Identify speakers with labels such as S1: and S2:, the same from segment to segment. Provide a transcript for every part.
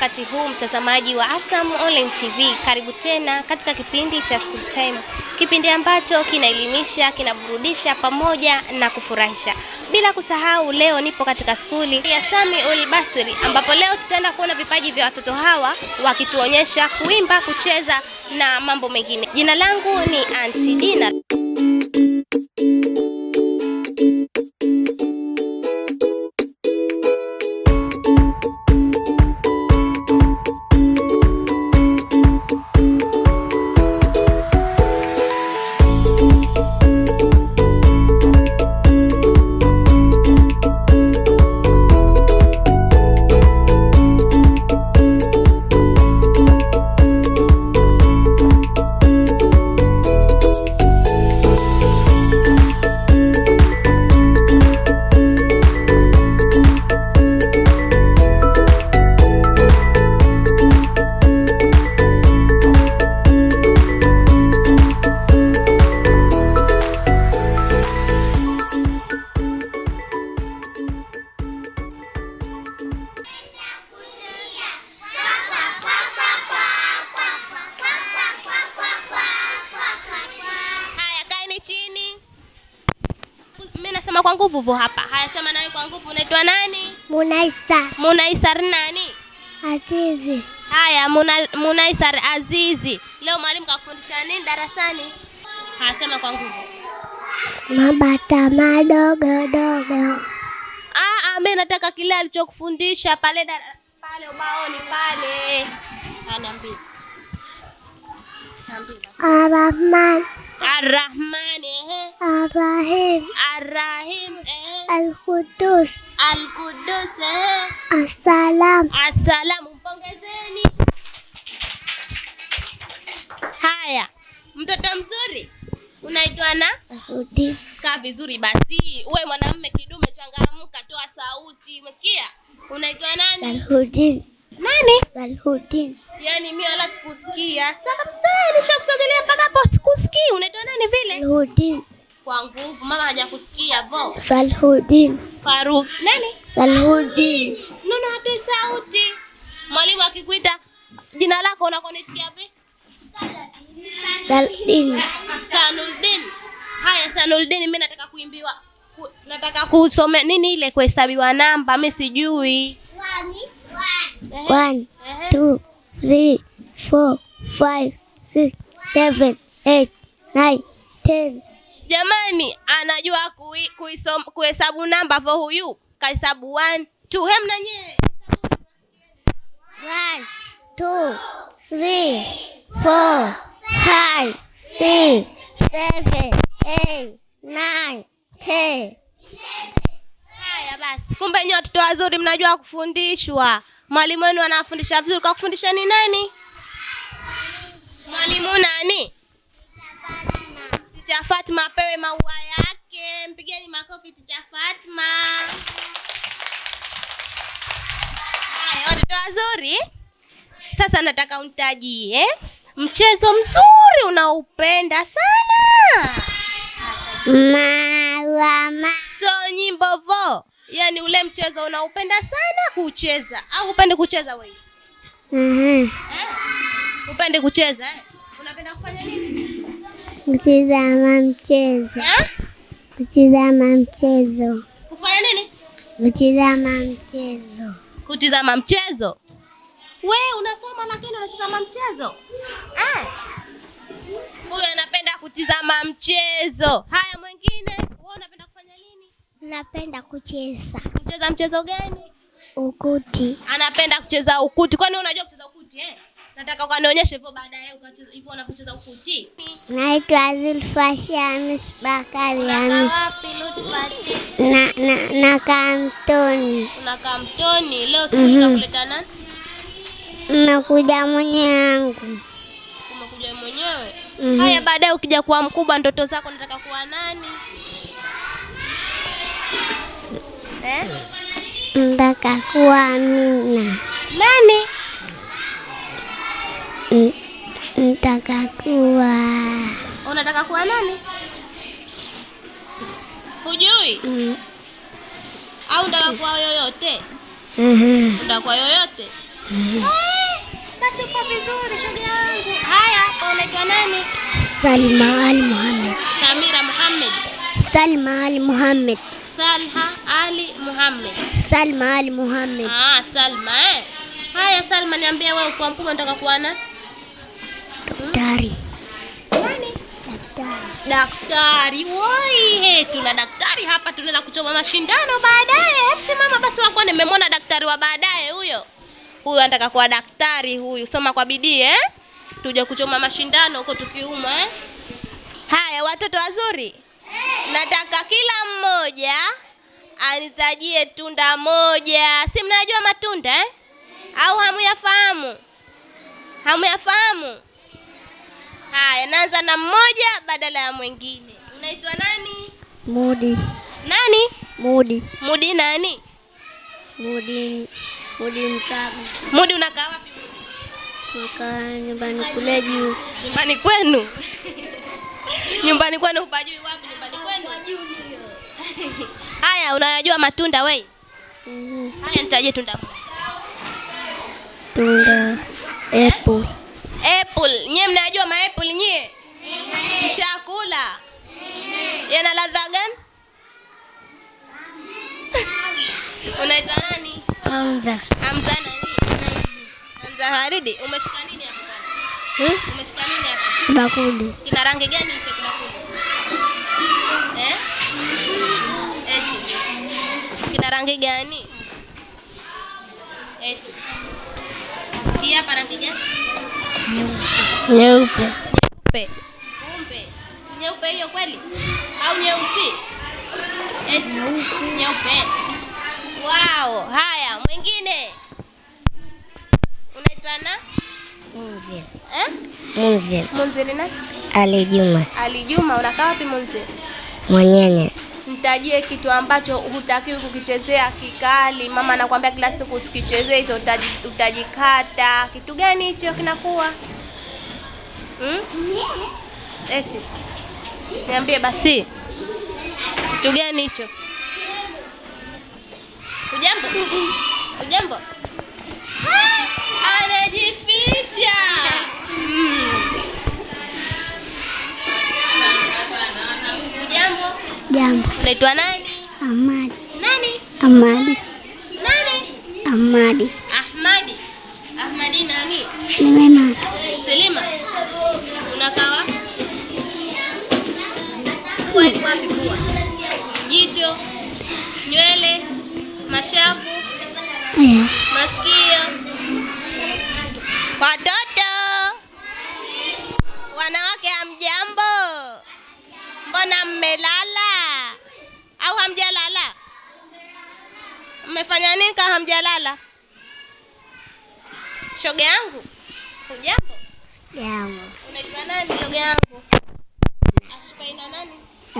S1: wakati huu mtazamaji wa Asam Online TV, karibu tena katika kipindi cha School Time, kipindi ambacho kinaelimisha, kinaburudisha pamoja na kufurahisha. Bila kusahau, leo nipo katika skuli ya sami Ul Baswiri, ambapo leo tutaenda kuona vipaji vya watoto hawa wakituonyesha kuimba, kucheza na mambo mengine. Jina langu ni Auntie Dina. Sema kwa nguvu vuvu hapa. Haya, sema nawe kwa nguvu. Unaitwa nani?
S2: Munaisar.
S1: Munaisa nani?
S2: Azizi.
S1: Haya, Muna, Munaisar Azizi, leo mwalimu kafundisha nini darasani? Haya, sema kwa nguvu.
S2: Mabata madogo dogo.
S1: Ah, ah, mimi nataka kile alichokufundisha pale dar pale ubaoni pale. Anaambia.
S2: Anaambia. Arahman.
S1: Arrahman, eh.
S2: Arrahim.
S1: Arrahim,
S2: eh. Alqudus.
S1: Alqudus, eh.
S2: Assalam.
S1: Assalam. Mpongezeni. Haya. Mtoto mzuri. Unaitwa na? Rudi. Kaa vizuri basi. Uwe mwanamume kidume, changamka, toa sauti. Umesikia? Unaitwa nani? Rudi. Nani?
S2: Salhudin.
S1: Yaani mimi wala sikusikia. Sasa kabisa nishakusogelea mpaka hapo sikusikii. Unaitwa nani vile?
S2: Salhudin.
S1: Kwa nguvu mama hajakusikia vo.
S2: Salhudin.
S1: Faru. Nani?
S2: Salhudin.
S1: Nuna hata sauti. Mwalimu akikuita jina lako unakonitikia vipi?
S2: Salhudin.
S1: Salhudin. Haya, Salhudin mimi nataka kuimbiwa. nataka kusome nini ile kuhesabiwa namba mimi sijui. Wani?
S2: One, two, three, four, five, six, seven, eight, nine, ten.
S1: Jamani, anajua kuhesabu kui kui namba fo huyu kahesabu one, two. Hem na nyie.
S2: One, two, three, four, five, six, seven, eight, nine, ten.
S1: Haya basi, kumbe nyinyi watoto wazuri mnajua kufundishwa. Mwalimu wenu anafundisha vizuri. Kakufundisha ni nani? Mwalimu nani? Ticha Fatma apewe maua yake. Mpigeni makofi Ticha Fatima. Haya watoto wazuri, sasa nataka unitajie mchezo mzuri unaupenda sana.
S2: Mama.
S1: So nyimbo vo yani ule mchezo unaupenda sana kucheza au upende kucheza wewe? Mhm. Eh? Upende kucheza eh? Unapenda kufanya
S2: nini? Kucheza mchezo. Eh? Kucheza mchezo.
S1: Kufanya nini?
S2: Kucheza mchezo.
S1: Kutizama mchezo. We unasoma lakini ama mchezo eh? huyo, Huyu Anapenda kutizama mchezo. Haya, mwingine wewe unapenda
S2: Napenda kucheza.
S1: Kucheza mchezo gani?
S2: Ukuti.
S1: Anapenda kucheza ukuti. Kwani unajua kucheza ukuti eh? Nataka ukanionyeshe hivyo baadaye ukacheza hivyo unapocheza ukuti.
S2: Naitwa Zulfa Shamis Bakari Hamis. Na na na Kamtoni.
S1: Unakaa Kamtoni? Leo siku mm -hmm. kuleta nani?
S2: Nakuja mwenyewe yangu. Umekuja
S1: mwenyewe? Mm -hmm. Haya, baadaye ukija kuwa mkubwa ndoto zako nataka kuwa nani?
S2: eh? kuwa Amina. Nani? kuwa.
S1: Unataka kuwa nani? Hujui? Mm. Au unataka kuwa yoyote? Mhm. kuwa yoyote? Mhm. Basi uko vizuri shoga yangu. Haya, unaitwa nani?
S2: Salma Al Muhammad.
S1: Samira Muhammad.
S2: Salma Al Muhammad.
S1: Salha Ali Muhammad.
S2: Salma Ali Muhammad.
S1: Ah, Salma eh. Haya Salma, niambie wewe kwa mkubwa unataka kuwa
S2: daktari. Nani?
S1: Daktari. Daktari. Woi, he, tuna daktari hapa tunaenda kuchoma mashindano baadaye. Hebu simama basi wako nimemwona daktari wa baadaye huyo. Huyu anataka kuwa daktari huyu. Soma kwa bidii eh. Tuja kuchoma mashindano huko tukiuma eh. Haya watoto wazuri. Nataka kila mmoja anitajie tunda moja. Si mnajua matunda eh? Au hamuyafahamu? Hamuyafahamu? Haya, naanza na mmoja badala ya mwingine. Unaitwa nani? Mudi. Nani? Mudi. Mudi nani?
S2: Mudi. Mudi Mkapa.
S1: Mudi unakaa wapi?
S2: Nakaa nyumbani kule juu.
S1: Nyumbani kwenu? Nyumbani kwenu hupajui wapi? Haya, unayajua matunda wei Mm -hmm. Haya, nitaje tunda moja.
S2: Tunda eh? apple.
S1: Apple. Nyie mnayajua ma apple nyie? Mm-hmm. Mshakula? Mm-hmm. Yana ladha gani? Unaitwa nani? Hamza. Hamza nani? Hamza Haridi. Umeshika nini hapo bwana? Hmm?
S2: Umeshika nini hapo? Bakuli.
S1: Kina rangi gani hicho kibakuli? Eh? rangi gani? Eti. rangi gani? Nyeupe. Nyeupe. Kumbe. Nyeupe hiyo kweli? Au nyeusi? Eti. Nyeupe. Wow, haya mwingine. Unaitwa na?
S2: Munziri. Eh? Munziri.
S1: Munziri nani?
S2: Ali Juma.
S1: Ali Juma, unakaa wapi Munziri?
S2: Mwanyenye
S1: umtajie kitu ambacho hutakiwi kukichezea kikali, mama anakuambia kila siku usikichezee hicho, utajikata. Kitu gani hicho kinakuwa hmm? Eti niambie basi, kitu gani hicho? Ujambo, ujambo, anajificha Unaitwa nani? Amadi. Nani? Amadi. Nani?
S2: Amadi.
S1: Ahmadi. Ahmadi nani?
S2: Selima.
S1: Selima. Unakaa wapi? Jicho, nywele, mashavu, Masikio. Watoto, wanawake, amjambo? Mbona mmelala? au hamjalala? Mmefanya nini kama hamjalala? Shoga yangu, hujambo? Jambo. Unaitwa nani shoga yangu? Ashpaina nani?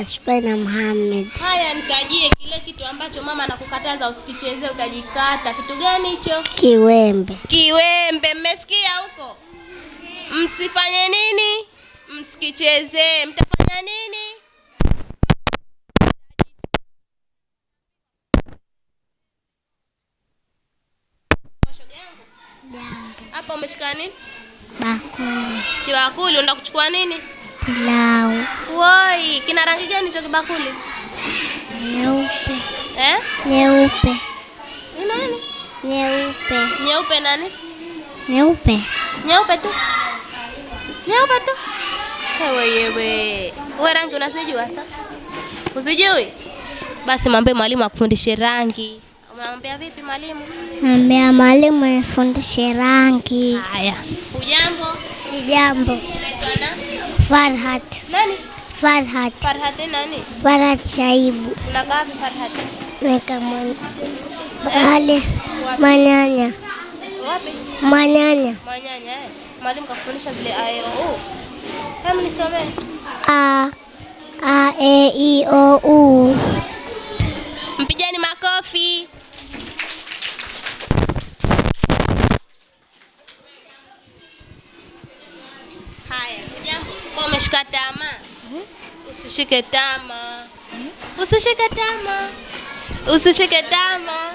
S2: Ashpaina Muhammad.
S1: Haya, nitajie kile kitu ambacho mama anakukataza usikichezee, utajikata. Kitu gani hicho?
S2: Kiwembe.
S1: Kiwembe, mmesikia huko? Msifanye nini? Msikichezee. unachukua nini?
S2: Bakuli.
S1: Kibakuli unaenda kuchukua nini?
S2: Pilau.
S1: Woi, kina rangi gani hicho kibakuli?
S2: Nyeupe. Eh? Nyeupe. Ni nani? Nyeupe.
S1: Nyeupe nani? Nyeupe. Nyeupe tu. Nyeupe tu. Hewe yewe. Wewe rangi unazijua sasa? Usijui? Basi mwambie mwalimu akufundishe rangi. Unamwambia vipi mwalimu?
S2: Naambia mwalimu anifundishe rangi.
S1: Haya. Ujambo?
S2: Sijambo. Farhat. Nani? Farhat.
S1: Farhat nani?
S2: Farhat Shaibu.
S1: Unakaa wapi Farhat?
S2: Weka mwana. Pale. Manyanya. Wapi? Manyanya.
S1: Manyanya. Eh. Mwalimu kafundisha vile a e o u. Hebu nisomee.
S2: A a e i o u.
S1: tama, hmm? usishike tama, usishike tama, usishike tama.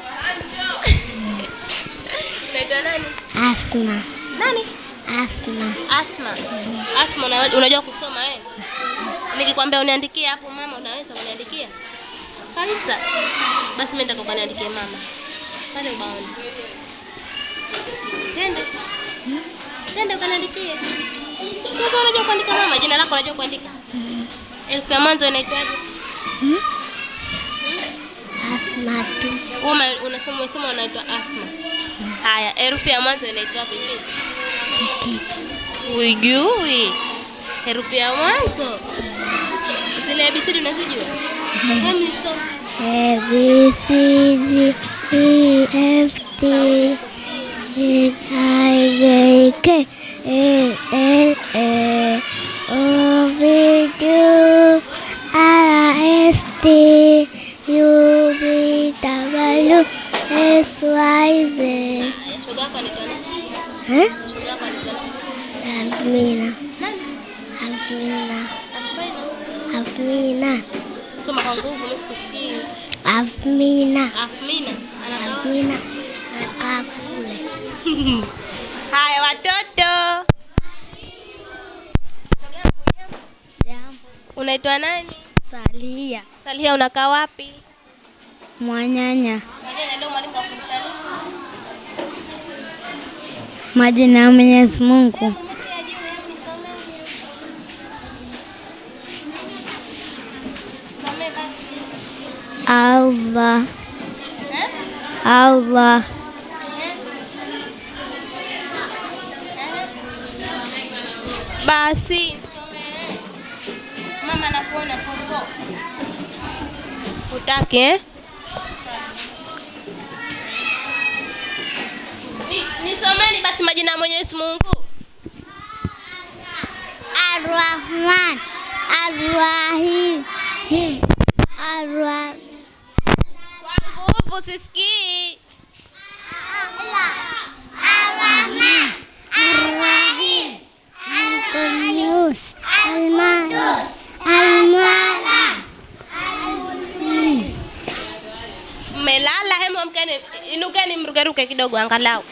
S1: Naitwa nani? Asma. Nani? Asma. Asma. Asma, unajua kusoma eh? Nikikwambia uniandikie hapo mama, unaweza kuniandikia? Kabisa. Basi mimi nataka ukaniandikie mama. Pale ubaoni. tende hmm? tende ukaniandikie. Sasa unajua kuandika mama, jina lako unajua kuandika? Elfu ya mwanzo inaitwaje? Hmm?
S2: Asma tu.
S1: Wewe unasema unasema unaitwa Asma. Haya, herufi ya mwanzo inaitwa vipi? Ujui. Herufi ya mwanzo. Zile ABCD unazijua? Hem
S2: stop. A B C D E F G H I J K L L Saize. Amina. Amina. Amina.
S1: Soma kwa nguvu, mimi sikusikii.
S2: Amina. Amina. Amina. Anakaa kule.
S1: Haya watoto. Unaitwa nani?
S2: Salia.
S1: Salia, unakaa wapi?
S2: Mwanyanya. majina ya Mwenyezi Mungu. Allah. Allah.
S1: Basi mama, nakuona utake eh? Nisomeni basi majina ya Mwenyezi Mungu.
S2: Arrahman, Arrahim, Arrahim.
S1: Kwa nguvu sisikii. Mmelala hemo, mkeni inukeni, mrukeruke kidogo angalau.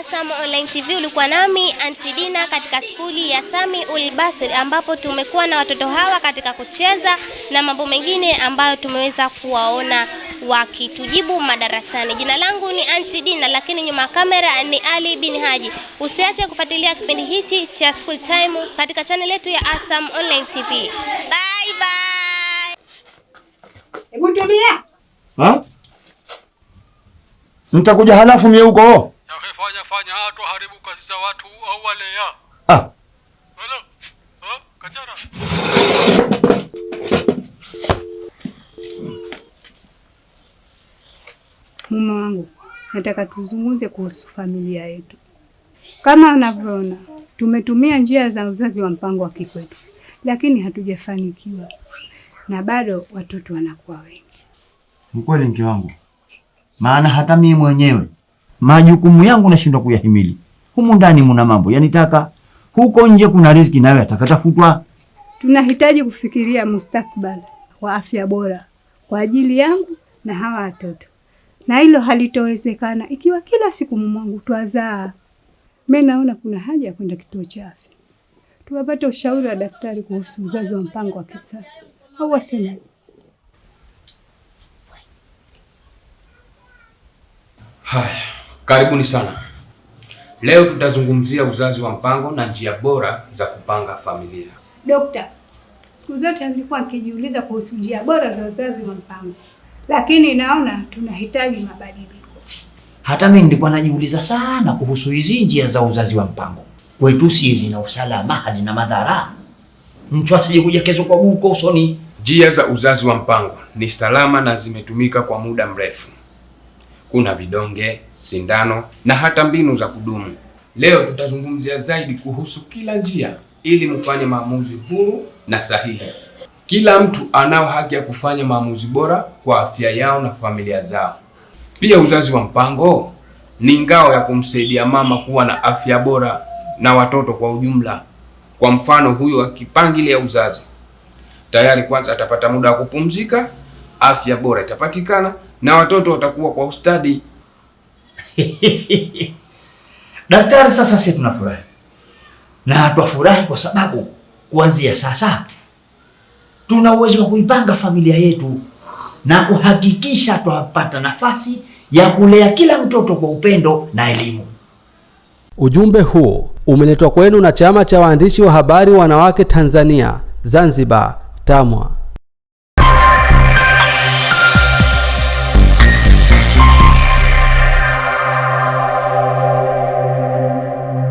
S1: Asam Online TV ulikuwa nami Anti Dina katika skuli ya Sami Ul Basri, ambapo tumekuwa na watoto hawa katika kucheza na mambo mengine ambayo tumeweza kuwaona wakitujibu madarasani. Jina langu ni Anti Dina, lakini nyuma ya kamera ni Ali bin Haji. Usiache kufuatilia kipindi hichi cha School Time katika channel yetu ya Asam Online TV. Bye bye.
S3: Hebu tulia.
S4: Ha? Mtakuja halafu mie huko
S5: atafanya haribu kazi za watu au ya. Ah. Hello. Ah, Kajara.
S6: Mume wangu, nataka tuzungumze kuhusu familia yetu. Kama unavyoona, tumetumia njia za uzazi wa mpango wa kikwetu, lakini hatujafanikiwa na bado watoto wanakuwa wengi.
S4: Mkweli mke wangu, maana hata mimi mwenyewe majukumu yangu nashindwa kuyahimili. Humu ndani muna mambo yanitaka, huko nje kuna riziki nayo yatakatafutwa.
S6: Tunahitaji kufikiria mustakbali wa afya bora kwa ajili yangu na hawa watoto, na hilo halitowezekana ikiwa kila siku mumwangu twazaa. menaona naona kuna haja ya kwenda kituo cha afya tuwapate ushauri wa daktari kuhusu uzazi wa mpango wa kisasa, au waseme
S7: haya. Karibuni sana. Leo tutazungumzia uzazi wa mpango na njia bora za kupanga familia.
S6: Dokta, siku zote nilikuwa nikijiuliza kuhusu njia bora za uzazi wa mpango, lakini naona tunahitaji mabadiliko.
S4: Hata mimi nilikuwa najiuliza sana kuhusu hizi njia za uzazi wa mpango. Kwetu si zina usalama, hazina madhara, mtu asije kuja kesho kwa buko usoni.
S7: Njia za uzazi wa mpango ni salama na zimetumika kwa muda mrefu kuna vidonge, sindano na hata mbinu za kudumu. Leo tutazungumzia zaidi kuhusu kila njia ili mfanye maamuzi huru na sahihi. Kila mtu anao haki ya kufanya maamuzi bora kwa afya yao na familia zao. Pia uzazi wa mpango ni ngao ya kumsaidia mama kuwa na afya bora na watoto kwa ujumla. Kwa mfano, huyu akipangilia uzazi tayari, kwanza atapata muda wa kupumzika, afya bora itapatikana na watoto watakuwa kwa ustadi.
S4: Daktari, sasa sisi tunafurahi na twafurahi kwa sababu kuanzia sasa tuna uwezo wa kuipanga familia yetu na kuhakikisha twapata nafasi ya kulea kila mtoto kwa upendo na elimu. Ujumbe huo umeletwa kwenu na Chama cha Waandishi wa Habari Wanawake Tanzania Zanzibar, TAMWA.